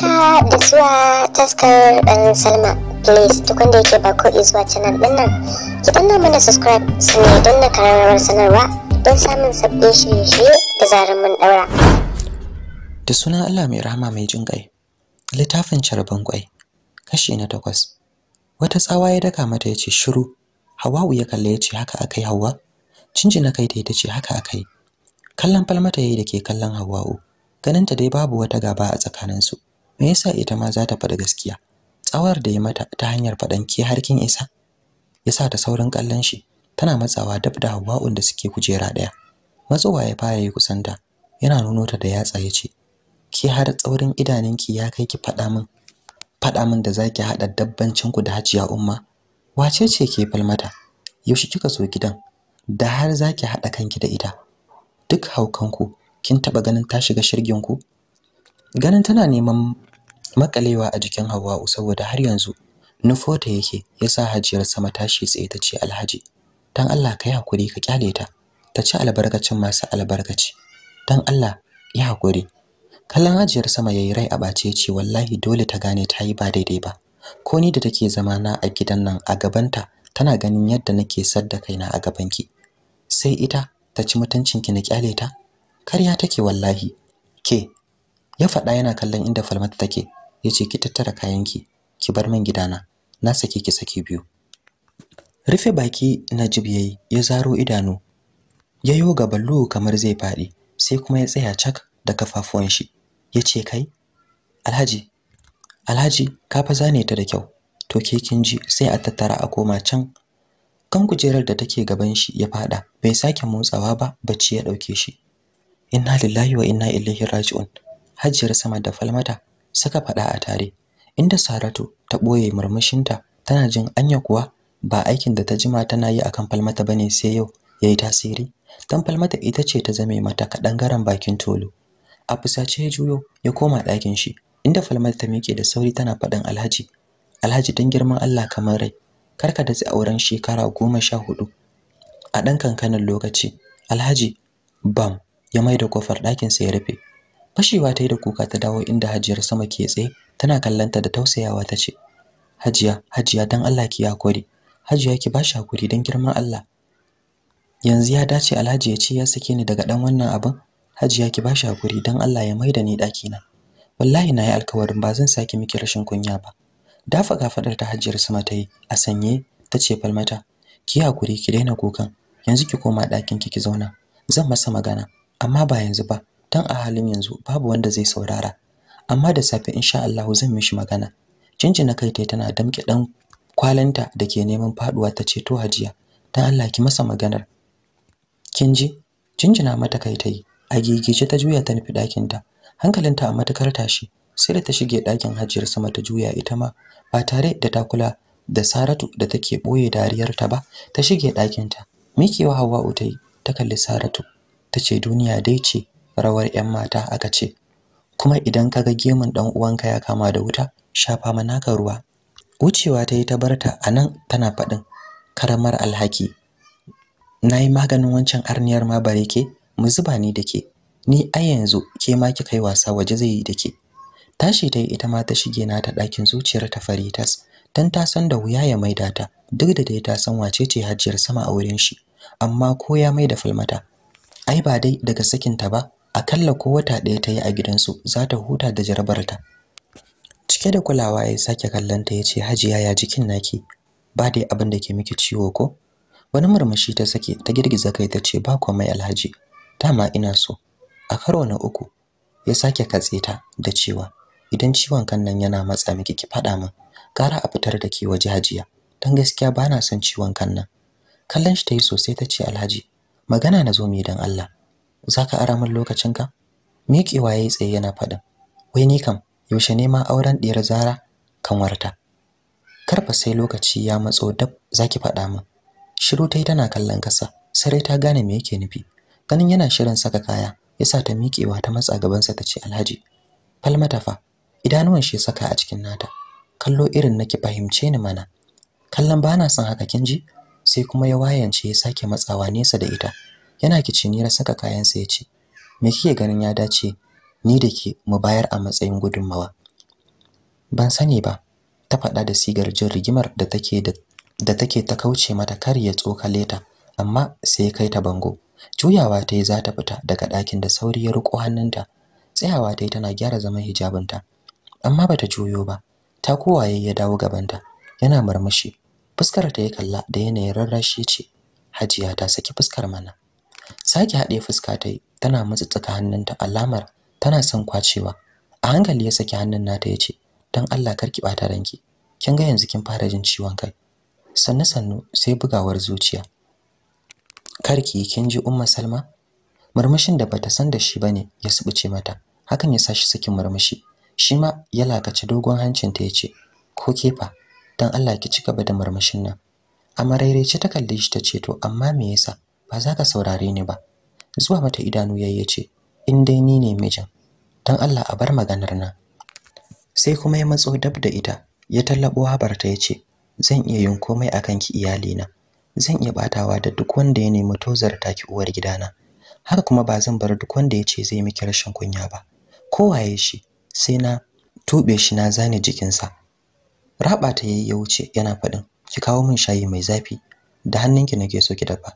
haka da zuwa taskar dan salma please duk wanda yake ba ko zuwa canal din nan ki danna mana subscribe su ne don na kararrawar sanarwa don samun sabbin shirye-shirye da zarar mun daura da sunan allah mai rahama mai jin kai littafin carban kwai kashi na takwas wata tsawa ya daka mata ya ce shiru hawa'u ya kalle ya ce haka akai hawa na kai ta ce haka akai kallon falmata yi da ke kallon hawa'u ganinta dai babu wata gaba a tsakaninsu me yasa ita ma za ta faɗi gaskiya tsawar da ya mata ta hanyar faɗan ke kin isa yasa ta saurin kallon shi tana matsawa dab da hawa'un da suke kujera ɗaya matsowa ya fara yi kusanta yana nuno ta da yatsa ya ce ki har tsaurin idanunki ya kai ki faɗa min faɗa min da zaki haɗa dabbancinku da hajiya umma wace ce ke falmata yaushe kika zo gidan da har zaki haɗa kanki da ita duk haukanku kin taɓa ganin ta shiga shirgin ku? ganin tana neman makalewa a jikin Hawwa'u saboda har yanzu nufota yake yasa Hajiyar sama tashi tsaye tace Alhaji dan Allah kai hakuri ka kyale ta ta albarkacin masu albarkaci dan Allah ya hakuri kallon Hajiyar sama yayi rai a bace ce wallahi dole ta gane ta yi ba daidai ba ko ni da take zama na a gidan nan a gabanta tana ganin yadda nake sadda kaina a gabanki sai ita ta ci mutuncinki na kyale ta karya take wallahi ke ya faɗa yana kallon inda Falmata take yace ki tattara kayanki ki bar min gidana na sake ki saki biyu rufe baki Najib yayi ya zaro idanu yayo gaban lu kamar zai fadi sai kuma ya tsaya cak da kafafuwan shi yace kai Alhaji Alhaji ka fa zane ta da kyau to ke kin ji sai a tattara a koma can kan kujerar da take gaban shi ya fada bai sake motsawa ba bacci ya dauke shi inna lillahi wa inna ilaihi raji'un hajjar sama da falmata suka faɗa a tare inda Saratu ta ɓoye murmushinta tana jin anya kuwa ba aikin da ta jima tana yi akan Falmata bane sai yau yayi tasiri dan Falmata ita ce ta zame mata kadangaren bakin tolo a fusace ya juyo ya koma ɗakin shi inda Falmata ta miƙe da sauri tana faɗin Alhaji Alhaji dan girman Allah kamar rai karka da auren shekara goma sha hudu a ɗan kankanin lokaci Alhaji bam ya maida kofar ɗakin sa ya rufe fashewa ta yi da kuka ta dawo inda hajiyar sama ke tsaye tana kallanta da tausayawa ta ce hajiya hajiya dan Allah ki hakuri hajiya ki bashi hakuri dan girman Allah yanzu ya dace alhaji ya ce ya sake ni daga dan wannan abin hajiya ki bashi hakuri dan Allah ya maida ni daki na wallahi yi alkawarin ba zan saki miki rashin kunya ba dafa gafadar ta hajiyar sama ta yi a sanye ta ce falmata ki hakuri ki daina kukan yanzu ki koma ɗakin ki ki zauna zan masa magana amma ba yanzu ba tun a halin yanzu babu wanda zai saurara amma da safe insha Allah zan mishi magana jinjina kai tai tana damke dan kwalanta dake neman faduwa ta ceto hajiya dan Allah ki masa maganar kin ji jinjina mata kai tai a gigice ta juya ta nufi dakin ta hankalinta a matakar tashi sai da ta shige dakin hajiyar sama ta juya ita ma ba tare da ta kula da Saratu da take boye dariyarta ba ta shige dakin ta mikewa Hawwa'u ta ta kalli Saratu tace duniya dai ce rawar 'yan mata aka ce kuma idan kaga gemun dan uwanka ya kama da wuta shafa mana ka ruwa wucewa ta yi ta barta anan tana faɗin karamar alhaki nayi maganin wancan arniyar ma bare ke mu zuba ni da ke ni a yanzu ke ma kika yi wasa waje zai yi dake tashi ta yi ita ma ta shige na ta ɗakin zuciyar ta faritas dan ta san da wuya ya maida ta duk da dai ta san wace ce hajjiyar sama a wurin shi amma ko ya maida falmata ai ba dai daga sakin ta ba akalla ko wata ɗaya ta yi a gidansu za ta huta da jarabarta cike da kulawa ya sake kallonta ya ce hajiya ya jikin naki ba dai abin da ke miki ciwo ko wani murmushi ta sake ta girgiza kai ta ce ba komai alhaji dama ina so a karo na uku ya sake katse ta da cewa idan ciwon kan nan yana matsa miki ki faɗa min gara a fitar da ke waje hajiya don gaskiya ba na son ciwon kan nan kallon shi ta yi sosai ta ce alhaji magana na zo mu yi don allah zaka ara min lokacin ka? miƙewa yayi tsaye yana faɗin wai ni kam yaushe ne ma auren ɗiyar Zara kanwarta karfa sai lokaci ya matso dab zaki faɗa min shiru tai tana kallon kasa sarai ta gane me yake nufi ganin yana shirin saka kaya yasa ta miƙewa ta matsa gabansa ta tace Alhaji falmata fa idanuwan shi saka a cikin nata kallo irin nake fahimce ni mana kallon bana son haka kin ji sai kuma ya wayance ya sake matsawa nesa da ita yana ya saka kayansa ya ce me kike ganin ya dace ni da ke mu bayar a matsayin gudunmawa ban sani ba ta faɗa da sigar jin rigimar da take da take ta kauce mata kar ya tsokale ta amma sai kai ta bango juyawa ta yi za ta fita daga ɗakin da sauri ya riƙo hannunta tsayawa ta yi tana gyara zaman hijabinta amma bata juyo ba ta kowaye ya dawo gabanta yana murmushi fuskar ta ya kalla da yanayin rarrashi ce hajiya ta saki fuskar mana sake haɗe fuska ta yi tana matsattsaka hannunta alamar tana son kwacewa a hankali ya saki hannun nata ya ce don Allah kar ki ɓata ranki kin ga yanzu kin fara jin ciwon kai sannu sannu sai bugawar zuciya karki kin ji umma salma murmushin da bata san da shi bane ya subuce mata hakan ya sa shi sakin murmushi shi ma ya lakaci dogon hancinta ya ce ko kefa don Allah ki ci gaba da murmushin nan a marairaice ta kalle shi ta ce to amma me yasa ba za ka saurare ni ba zuwa mata idanu yayi yace in dai ni ne mijin dan Allah a bar maganar na. sai kuma ya matso dab da ita ya tallabo habarta yace zan iya yin komai akan ki iyali na zan iya batawa da duk wanda ya nemi ta ki uwar gidana haka kuma ba zan bar duk wanda ya ce zai miki rashin kunya ba kowaye shi sai na tube shi na zane jikinsa raba ta yayi ya wuce yana faɗin ki kawo min shayi mai zafi da hannunki nake so ki dafa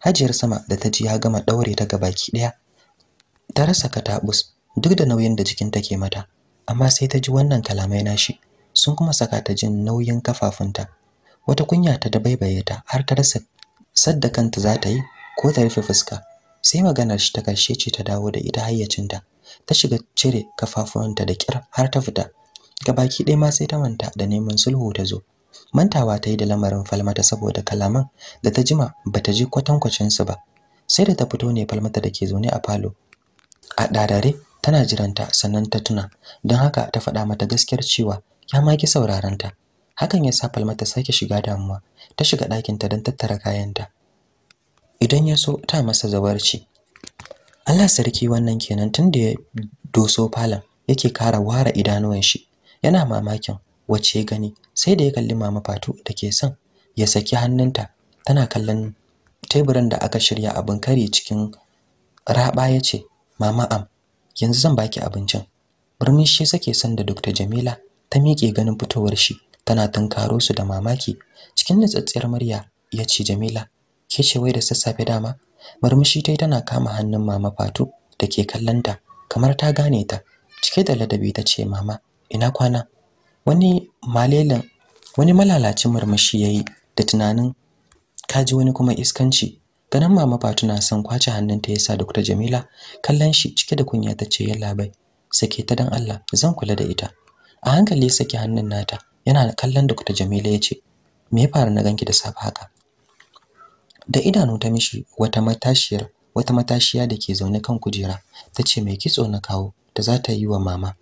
Hajiyar sama da ta ji ya gama ɗaure ta gabaki ɗaya. ta rasa katabus duk da nauyin da jikin take mata amma sai ta ji wannan kalamai nashi sun kuma saka ta jin nauyin kafafunta wata kunya ta dabaibaye ta har ta rasa sadda kanta za ta yi ko ta rufe fuska sai maganar shi ta karshe ce ta dawo da ita hayyacinta ta shiga cire kafafunta da kyar har ta fita gabaki ɗaya ma sai ta manta da neman sulhu ta zo mantawa ta yi da lamarin falmata saboda kalaman da ta jima ba ta ji kwatankwacin su ba sai da ta fito ne falmata da ke zaune a falo a ɗarare tana jiranta sannan ta tuna don haka ta faɗa mata gaskiyar cewa ya ma ki sauraron ta hakan ya sa falmata sake shiga damuwa ta shiga ɗakinta don tattara kayanta idan ya so ta masa zawarci Allah sarki wannan kenan tun da ya doso falon yake kara wara idanuwan shi yana mamakin Wace ya gani sai da ya kalli mama Fatu da ke son ya saki hannunta tana kallon teburin da aka shirya abin kare cikin raba ya ce mama am yanzu zan baki abincin ya sake son da Dr. Jamila ta miƙe ganin fitowar shi tana tunkaro su da mamaki cikin nutsatsiyar murya ya ce Jamila ke ce wai da sassafe dama murmushi tai tana kama hannun mama Fatu da ke kallonta kamar ta gane ta cike da ladabi ta ce mama ina kwana wani malelin wani malalacin murmushi yayi da tunanin kaji wani kuma iskanci ganin mama na son kwace hannunta ya sa Dr. Jamila kallon shi cike da kunya ta yalla bai sake ta dan Allah zan kula da ita a hankali ya sake hannun nata yana kallon Dr. Jamila ya ce, me ya faru na ganki da safe haka da idanu ta mishi wata matashiyar wata matashiya da ke zaune kan kujera ta ce mai kitso na kawo da za ta yi wa mama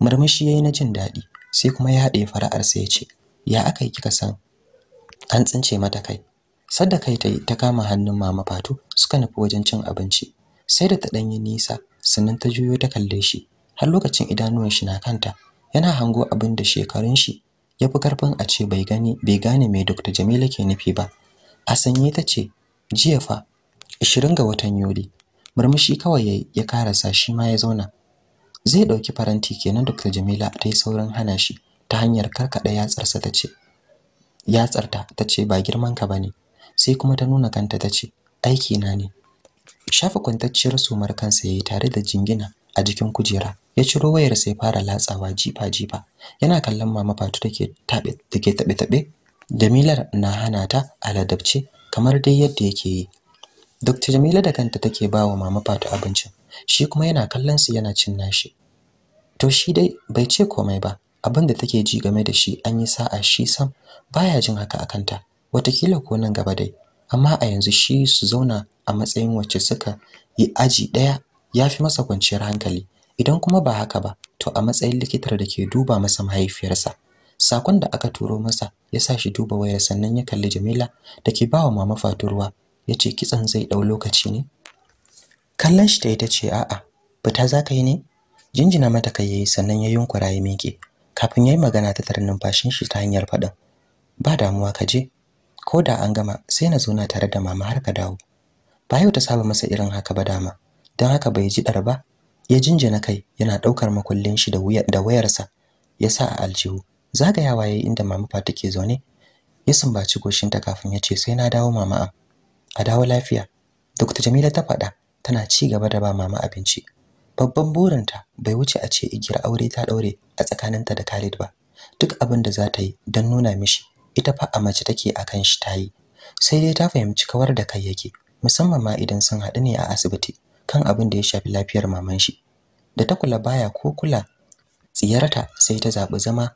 murmushi yi na jin daɗi sai kuma ya haɗe fara'ar sai ya ce ya aka yi kika san an tsince mata kai sadda kai ta yi ta kama hannun mama fatu suka nufi wajen cin abinci sai da ta ɗanyi nisa sannan ta juyo ta kalle shi har lokacin idanuwan shi na kanta yana hango abin da shekarun shi ya fi karfin a ce bai gani bai gane mai Dr. Jamila ke nufi ba a sanye ta ce jiya fa 20 ga watan Yuli murmushi kawai ya karasa shi ma ya zauna zai dauki faranti kenan Dr. Jamila ta yi saurin hana shi ta hanyar karkada yatsarsa ta ce yatsarta ta ce ba girman ka bane sai kuma ta nuna kanta ta ce aiki na ne shafa kwantacciyar sumar kansa yayi tare da jingina a jikin kujera ya ciro wayar sai fara latsawa jifa jifa yana kallon mama Fatu take tabe take tabe tabe Jamilar na hana ta aladabce kamar dai yadda yake yi Dr. Jamila da kanta take ba wa mama Fatu abincin shi kuma yana kallon su yana cin nashi to shi dai bai ce komai ba abin da take ji game da shi an yi sa'a shi sam baya jin haka a wata watakila ko nan gaba dai amma a yanzu shi su zauna a matsayin wacce suka yi aji daya fi masa kwanciyar hankali idan kuma ba haka ba to a matsayin likitar da ke duba masa mahaifiyarsa sakon da aka turo masa ya sa shi duba wayar sannan ya kalli Jamila da ke bawa mama Fatu ya ce kitsan zai dau lokaci ne kallon shi ta ita ce a'a fita za yi ne jinjina mata kai yayi sannan ya yunkura ya miƙe kafin yayi magana ta tarin numfashin shi ta hanyar faɗin ba damuwa ka je ko da an gama sai na zauna tare da mama har ka dawo ba yau ta saba masa irin haka ba dama dan haka bai ji ɗar ba ya jinjina kai yana ɗaukar makullin shi da da wayarsa ya sa a aljihu zagayawa yayi inda mama fa take zaune ya sumbaci goshinta kafin ya ce sai na dawo mama a dawo lafiya Dr. Jamila ta faɗa tana ci gaba da ba mama abinci babban burinta bai wuce a ce igiyar aure ta daure a tsakaninta da Khalid ba duk abin da za ta yi don nuna mishi ita fa a mace take akan shi ta yi sai dai ta fahimci kawar da kai yake musamman ma idan sun haɗu ne a asibiti kan abin da ya shafi lafiyar maman shi da ta kula baya ko kula tsiyarta sai ta zaɓi zama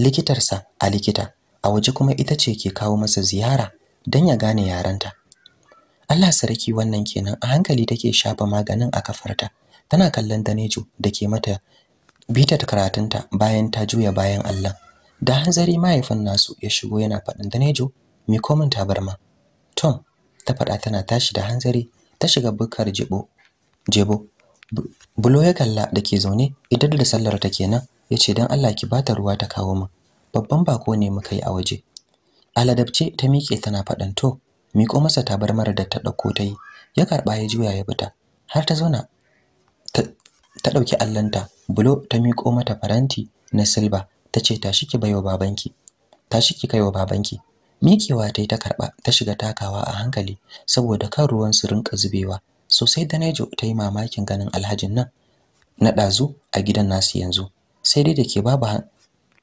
likitarsa a likita a waje kuma ita ce ke kawo masa ziyara don ya gane yaranta Allah sarki wannan kenan a hankali take shafa maganin a kafarta tana kallon Danejo dake mata bita ta karatunta bayan ta juya bayan Allah da hanzari mahaifin nasu ya shigo yana faɗin Danejo mi komin tabarma Tom ta faɗa tana tashi da hanzari ta shiga bukar jebo jibo bulo ya kalla dake zaune idan da sallar ta kenan yace dan Allah ki bata ruwa ta kawo min babban bako ne muka yi a waje aladabce ta miƙe tana faɗan to miƙo masa tabarmar da ta ɗauko ta yi ya karɓa ya juya ya fita har ta zauna ta ɗauki allanta bulo ta miƙo mata faranti na silba ta ce tashi ki baiwa babanki tashi ki kaiwa babanki miƙewa ta yi ta karɓa ta shiga takawa a hankali saboda kan ruwan su rinƙa zubewa sosai da nejo ta yi mamakin ganin alhajin nan na ɗazu a gidan nasu yanzu sai dai da ke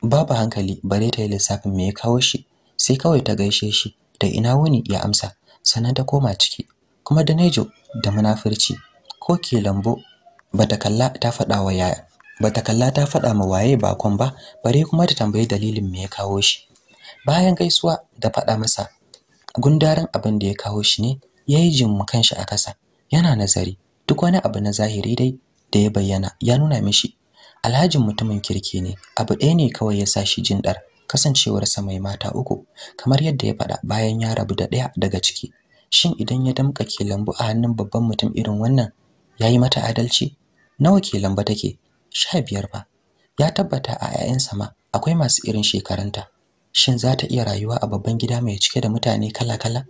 babu hankali bare ta yi lissafin me ya kawo shi sai kawai ta gaishe shi da ina wuni ya amsa sannan ta koma ciki kuma Danejo da munafurci ko ke lambo bata kalla ta faɗa wa yaya bata kalla ta faɗa ma waye bakon ba bare kuma ta tambayi dalilin me ya kawo shi bayan gaisuwa da faɗa masa gundarin abin da ya kawo shi ne yayi jin kanshi a kasa yana nazari duk wani abu na zahiri dai da ya bayyana ya nuna mishi alhajin mutumin kirki ne abu ɗaya ne kawai ya sa shi jin dar kasancewarsa mai mata uku kamar yadda ya faɗa bayan ya rabu da ɗaya daga ciki shin idan ya damƙa ke lambu a hannun babban mutum irin wannan ya yi mata adalci nawa ke lamba take sha biyar fa ya tabbata a 'ya'yansa ma akwai masu irin shekarunta shin za ta iya rayuwa a babban gida mai cike da mutane kala-kala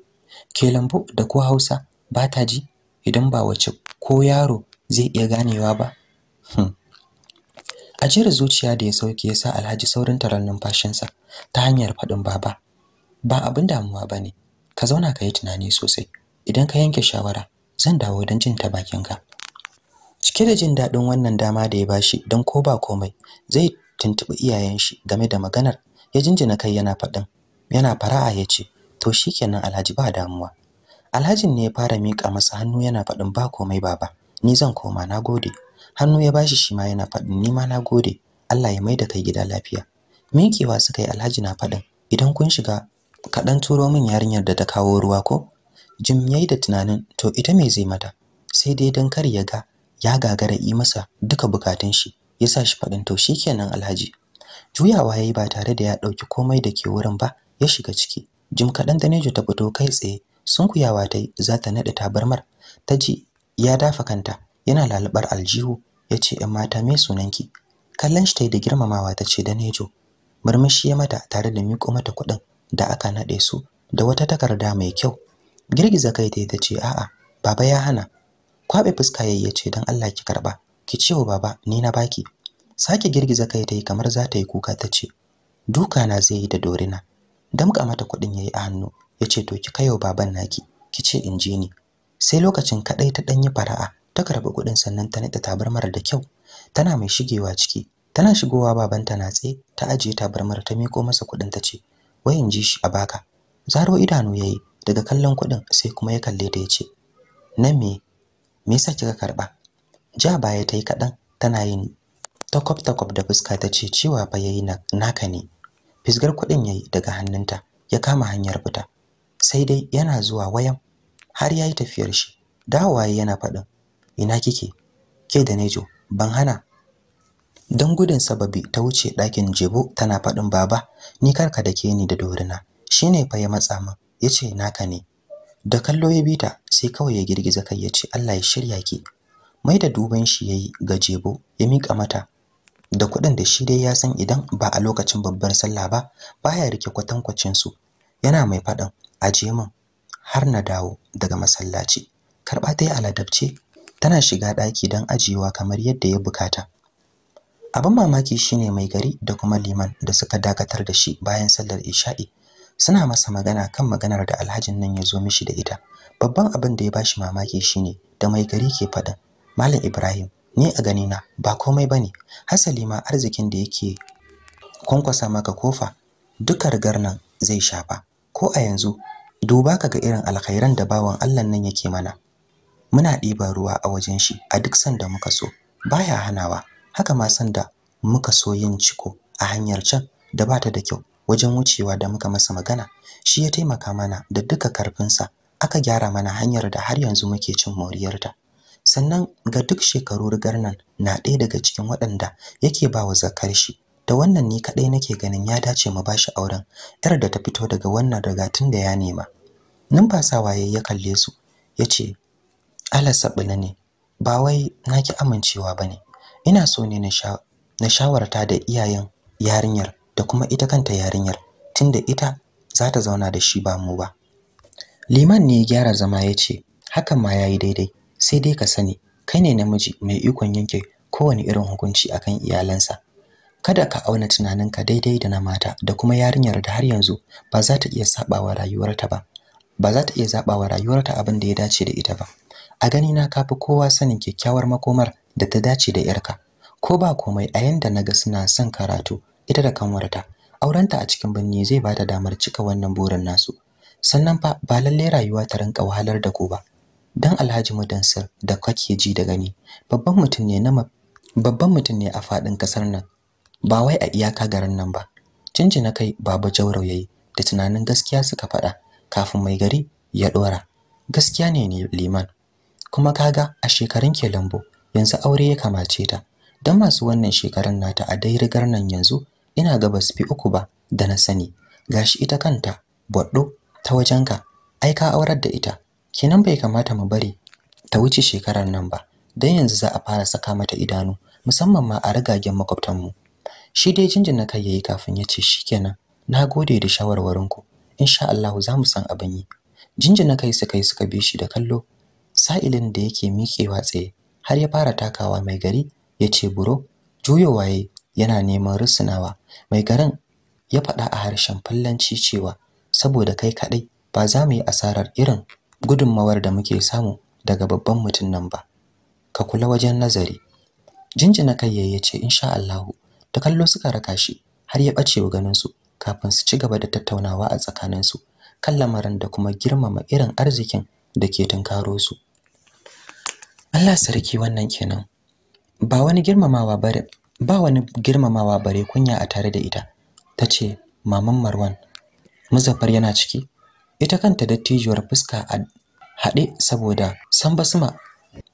ke lambu da ko hausa ba ta ji idan ba wace ko yaro zai iya ganewa ba hmm. A ajiyar zuciya da ya sauke ya sa alhaji saurin taron numfashinsa ta hanyar faɗin baba ba abin damuwa ba ne ka zauna ka yi tunani sosai idan ka yanke shawara zan dawo don jin ta bakinka cike da jin daɗin wannan dama da ya bashi don ko ba komai zai tuntuɓi iyayen shi game da maganar ya jinjina kai yana faɗin yana fara'a ya ce to shikenan alhaji ba damuwa alhajin ne ya fara miƙa masa hannu yana faɗin ba komai baba ni zan koma na gode hannu ya bashi shi ma yana faɗin ni na gode Allah ya maida kai gida lafiya minkewa suka yi alhaji na faɗin idan kun shiga kaɗan turo min yarinyar da ta kawo ruwa ko jim yayi da tunanin to ita me zai mata sai dai dan kar ya ga ya gagara yi masa duka bukatun shi yasa shi faɗin to shikenan alhaji juyawa yayi ba tare da ya ɗauki komai da ke wurin ba ya shiga ciki jim kaɗan danejo ta fito kai tsaye sunkuyawa ta yi za ta naɗe tabarmar ta ji ya dafa kanta yana lalubar aljihu ya ce ‘yan mata me sunanki kallon shi ta yi da girmamawa ta ce danejo murmushi ya mata tare da miƙo mata kuɗin da aka naɗe su da wata takarda mai kyau girgiza kai ta yi ta ce a'a baba ya hana kwaɓe fuska ya ce don Allah ki karɓa ki ce wa baba ni na baki sake girgiza kai ta yi kamar za ta yi kuka ta ce duka na zai yi da dorina damƙa mata kuɗin ya yi a hannu ya ce to ki wa baban naki ki ce in je ni sai lokacin kaɗai ta ɗanyi fara'a ta karbi kuɗin sannan ta nade tabarmar da kyau tana mai shigewa ciki tana shigowa babanta na tse ta ajiye tabarmar ta miko masa kuɗin ta ce wayan ji shi a baka zaro idanu yayi daga kallon kuɗin sai kuma ya kalle ta yace nan me me yasa kika karba ja baya tayi kadan tana yin takwab takwab da fuska ta ce cewa fa yayi naka ne fisgar kuɗin yayi daga hannunta ya kama hanyar fita sai dai yana zuwa wayan har yayi tafiyar shi waye yana faɗin ina kike ke da nejo ban hana don gudun sababi ta wuce ɗakin jebo tana faɗin baba ni karka da ke ni da dorina shine fa ya matsa min yace naka ne da kallo ya bita sai kawai ya girgiza kai yace Allah ya shirya ki mai da duban shi yayi ga jebo ya mika mata da kuɗin da shi dai ya san idan ba a lokacin babbar sallah ba baya rike kwatankwacin su yana mai faɗin. aje min har na dawo daga masallaci karɓa ta yi aladabce tana shiga ɗaki don ajiyewa kamar yadda ya bukata abin mamaki shine mai gari da kuma liman da suka dakatar da shi bayan sallar isha'i suna masa magana kan maganar da alhajin nan ya zo mishi da ita babban abin da ya bashi mamaki shine da mai gari ke faɗin malam ibrahim ni a ganina ba komai bane hasali ma arzikin da yake kwankwasa maka kofa duka rigar nan zai shafa ko a yanzu duba ga irin alkhairan da bawan Allah nan yake mana muna ɗiban ruwa a wajen shi a duk sanda muka so baya hanawa haka ma sanda muka so yin ciko a hanyar can da bata da kyau wajen wucewa da muka masa magana shi ya taimaka mana da duka karfinsa aka gyara mana hanyar da har yanzu muke cin moriyarta sannan ga duk shekaru rigar nan na ɗaya daga cikin waɗanda yake ba wa zakar shi da wannan ni kaɗai nake ganin ya dace mu bashi auren yar da ta fito daga wannan rigatun da ya nema numfasawa waye ya kalle su ya ce alasa ne ba wai na ki amincewa ba ne ina so ne na shawarta da iyayen yarinyar da kuma ita kanta yarinyar tunda ita za ta zauna da shi ba mu ba liman ne ya gyara zama ya ce hakan ma yayi daidai sai dai ka sani kai ne namiji mai ikon yanke kowane irin hukunci akan iyalansa kada ka auna tunaninka daidai da na mata da kuma yarinyar da har yanzu ba za ta iya sabawa rayuwarta ba ba za ta iya zabawa rayuwarta abin da ya dace da ita ba a ganina ka fi kowa sanin kyakkyawar makomar da ta dace da yarka ko ba komai a yanda ga suna son karatu ita da kanwarta aurenta a cikin birni zai ba ta damar cika wannan burin nasu sannan fa ba lallai rayuwa ta rinka wahalar da ku ba dan Alhaji Mudansir da kake ji da gani babban mutum ne na babban mutum ne a faɗin ƙasar nan ba wai a iyaka garin nan ba na kai baba Jaurau yayi da tunanin gaskiya suka faɗa kafin mai gari ya ɗora. gaskiya ne ne liman kuma kaga a shekarun ke lambo yanzu aure ya kamace ta dan masu wannan shekarun nata a dai rigar nan yanzu ina ga basu fi uku ba da na sani gashi ita kanta boddo ta wajenka ai ka aurar da ita Kinan bai kamata mu bari ta wuce shekarar nan ba dan yanzu za a fara saka mata idanu musamman ma a ragagen mu shi dai na kai yayi kafin ya ce shi na nagode da shawarwarinku insha Allah za mu san abin yi jinjina kai suka yi suka bi shi da kallo sa'ilin da yake miƙewa tsaye har ya fara takawa mai gari ya ce buro juyo waye yana neman rusunawa mai garin ya faɗa a harshen fallanci cewa saboda kai kaɗai ba za mu yi asarar irin gudunmawar da muke samu daga babban mutum nan ba ka kula wajen nazari jinjina kai yayi ce insha Allahu ta kallo suka raka shi har ya ɓacewa wa ganin su kafin su ci gaba da tattaunawa a tsakaninsu kan lamarin da kuma girmama irin arzikin da ke tunkaro su Allah sarki wannan kenan ba wani girmamawa bare ba wani girmamawa bare kunya a tare da ita tace maman Marwan Muzaffar yana ciki ita kanta dattijuwar fuska a haɗe saboda san basma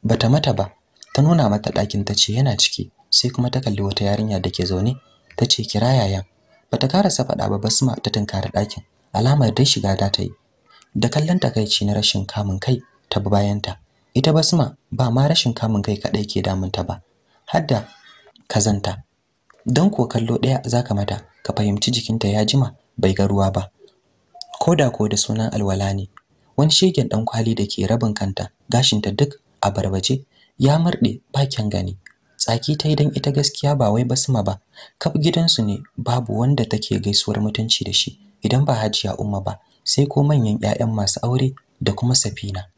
bata mata ba ta nuna mata ɗakin tace yana ciki sai kuma ta kalli wata yarinya da ke zaune tace kira yayan bata karasa faɗa ba basma ta tunkari ɗakin alamar dai shiga da ta yi da kallon takaici na rashin kamun kai ta bi bayanta ita basma ba ma rashin kamun kai kaɗai ke damunta ba hadda kazanta don ko kallo ɗaya za ka mata ka fahimci jikinta ya jima bai ga ruwa ba ko da ko da sunan alwala ne wani shegen ɗan kwali da ke rabin kanta gashinta duk a barbace ya murɗe bakin gani tsaki ta idan ita gaskiya ba wai basma ba kaf gidansu ne babu wanda take gaisuwar mutunci da shi idan ba hajiya umma ba sai ko manyan 'ya'yan masu aure da kuma safina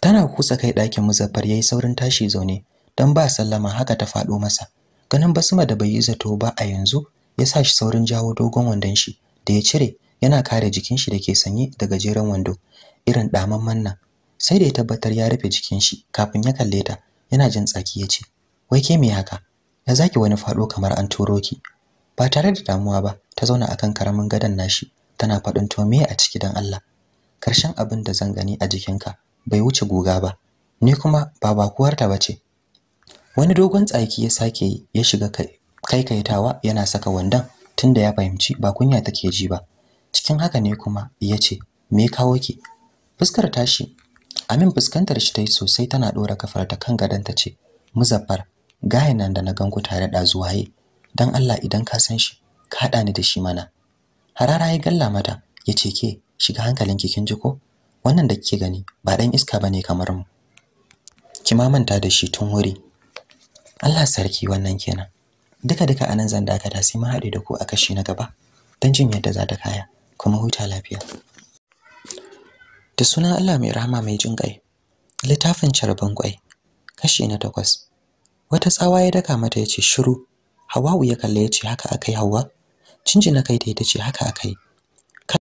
tana kusa kai ɗakin muzaffar yayi saurin tashi zaune dan ba sallama haka ta faɗo masa ganin basma da bai yi zato ba a yanzu ya sa shi saurin jawo dogon wandon shi da ya cire yana kare jikin shi da ke sanye da gajeren wando irin ɗaman manna sai da ya tabbatar ya rufe jikin shi kafin ya kalle ta yana jin tsaki ya ce wai ke me haka ya zaki wani faɗo kamar an turo ki ba tare da damuwa ba ta zauna akan karamin gadon nashi tana faɗin to me a ciki dan Allah karshen abin da zan gani a jikinka bai wuce guga ba ni kuma ba bakuwarta ba ce wani dogon tsaki ya sake ya shiga kai kaikaitawa yana saka wandan tunda ya fahimci ba kunya take ji ba cikin haka ne kuma ya ce me kawo ki fuskar tashi amin fuskantar shi ta yi sosai tana ɗora kafar ta kan gadon ta ce muzaffar gaya nan da na ganku tare da zuwaye dan Allah idan ka san shi ka haɗa ni da shi mana harara ya galla mata ya ce ke shiga hankalin ki kin ji ko wannan da kike gani ba dan iska bane kamar mu ki ma manta da shi tun wuri Allah sarki wannan kenan duka duka anan zan dakata sai mu haɗe da ku a kashi na gaba dan jin yadda za ta kaya kuma huta lafiya da sunan Allah mai rahama mai jin kai littafin carban kwai kashi na takwas wata tsawa ya daka mata ya ce shiru Hawa'u ya kalle ya ce haka akai hawa cinjina kai ta ce haka akai